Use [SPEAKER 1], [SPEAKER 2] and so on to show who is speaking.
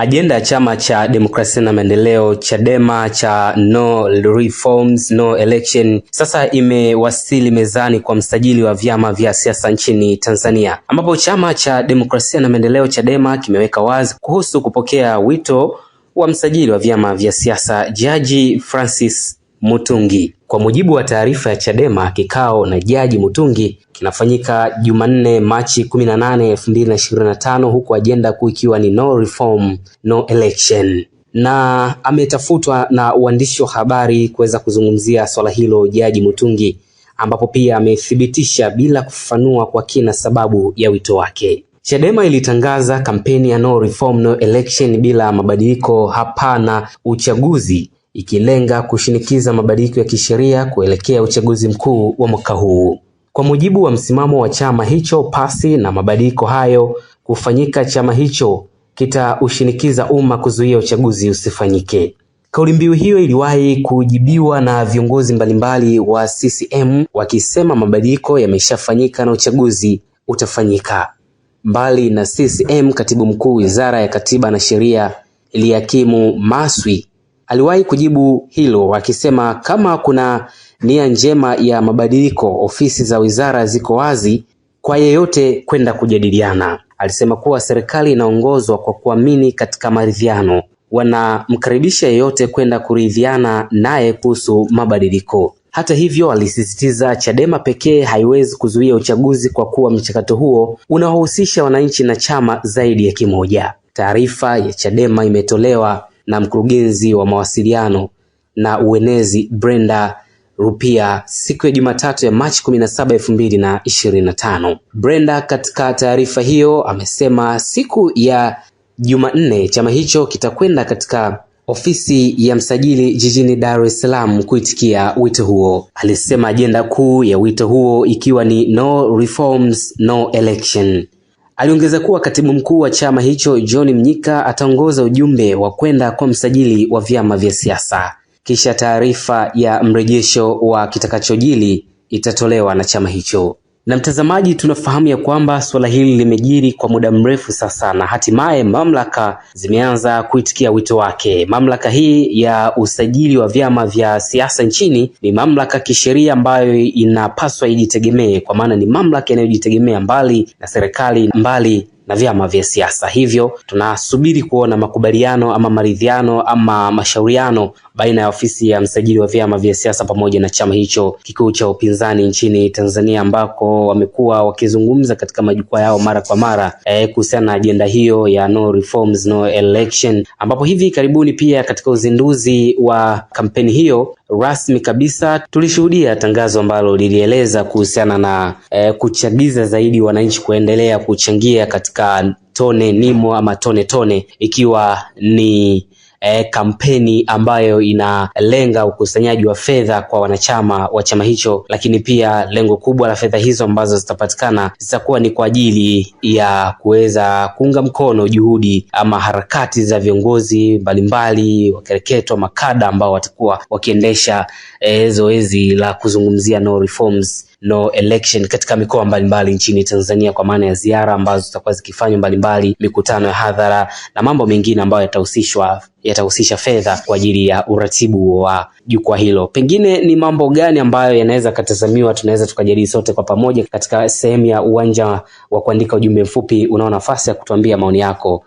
[SPEAKER 1] Ajenda ya chama cha demokrasia na maendeleo Chadema cha no reforms, no election sasa imewasili mezani kwa msajili wa vyama vya siasa nchini Tanzania, ambapo chama cha demokrasia na maendeleo Chadema kimeweka wazi kuhusu kupokea wito wa msajili wa vyama vya siasa Jaji Francis Mutungi. Kwa mujibu wa taarifa ya Chadema, kikao na Jaji Mutungi kinafanyika Jumanne Machi 18, 2025 huku ajenda kuu ikiwa ni no reform, no election na ametafutwa na uandishi wa habari kuweza kuzungumzia swala hilo Jaji Mutungi, ambapo pia amethibitisha bila kufafanua kwa kina sababu ya wito wake. Chadema ilitangaza kampeni ya no reform, no election, bila mabadiliko hapana uchaguzi ikilenga kushinikiza mabadiliko ya kisheria kuelekea uchaguzi mkuu wa mwaka huu. Kwa mujibu wa msimamo wa chama hicho, pasi na mabadiliko hayo kufanyika, chama hicho kitaushinikiza umma kuzuia uchaguzi usifanyike. Kauli mbiu hiyo iliwahi kujibiwa na viongozi mbalimbali wa CCM wakisema mabadiliko yameshafanyika na uchaguzi utafanyika. Mbali na CCM, katibu mkuu Wizara ya Katiba na Sheria Eliakimu Maswi aliwahi kujibu hilo akisema kama kuna nia njema ya mabadiliko ofisi za wizara ziko wazi kwa yeyote kwenda kujadiliana. Alisema kuwa serikali inaongozwa kwa kuamini katika maridhiano, wanamkaribisha yeyote kwenda kuridhiana naye kuhusu mabadiliko. Hata hivyo, alisisitiza Chadema pekee haiwezi kuzuia uchaguzi kwa kuwa mchakato huo unahusisha wananchi na chama zaidi ya kimoja. Taarifa ya Chadema imetolewa na mkurugenzi wa mawasiliano na uenezi Brenda Rupia siku ya Jumatatu ya Machi 17, 2025. Brenda katika taarifa hiyo amesema siku ya Jumanne chama hicho kitakwenda katika ofisi ya msajili jijini Dar es Salaam kuitikia wito huo. Alisema ajenda kuu ya wito huo ikiwa ni no reforms, no election. Aliongeza kuwa katibu mkuu wa chama hicho John Mnyika ataongoza ujumbe wa kwenda kwa msajili wa vyama vya siasa, kisha taarifa ya mrejesho wa kitakachojili itatolewa na chama hicho. Na mtazamaji, tunafahamu ya kwamba suala hili limejiri kwa muda mrefu sasa na hatimaye mamlaka zimeanza kuitikia wito wake. Mamlaka hii ya usajili wa vyama vya siasa nchini ni mamlaka kisheria ambayo inapaswa ijitegemee, kwa maana ni mamlaka inayojitegemea mbali na serikali, mbali na vyama vya siasa. Hivyo tunasubiri kuona makubaliano ama maridhiano ama mashauriano baina ya ofisi ya msajili wa vyama vya siasa pamoja na chama hicho kikuu cha upinzani nchini Tanzania, ambako wamekuwa wakizungumza katika majukwaa yao mara kwa mara e, kuhusiana na ajenda hiyo ya no reforms, no election, ambapo hivi karibuni pia katika uzinduzi wa kampeni hiyo rasmi kabisa tulishuhudia tangazo ambalo lilieleza kuhusiana na e, kuchagiza zaidi wananchi kuendelea kuchangia katika tone nimo ama tone tone ikiwa ni e, kampeni ambayo inalenga ukusanyaji wa fedha kwa wanachama wa chama hicho, lakini pia lengo kubwa la fedha hizo ambazo zitapatikana zitakuwa ni kwa ajili ya kuweza kuunga mkono juhudi ama harakati za viongozi mbalimbali wakereketwa, makada ambao watakuwa wakiendesha e, zoezi la kuzungumzia no reforms no election katika mikoa mbalimbali nchini Tanzania kwa maana ya ziara ambazo zitakuwa zikifanywa mbalimbali, mikutano ya hadhara na mambo mengine ambayo yatahusishwa yatahusisha fedha kwa ajili ya uratibu wa jukwaa hilo. Pengine ni mambo gani ambayo yanaweza katazamiwa, tunaweza tukajadili sote kwa pamoja katika sehemu ya uwanja wa kuandika ujumbe mfupi. Unao nafasi ya kutuambia maoni yako.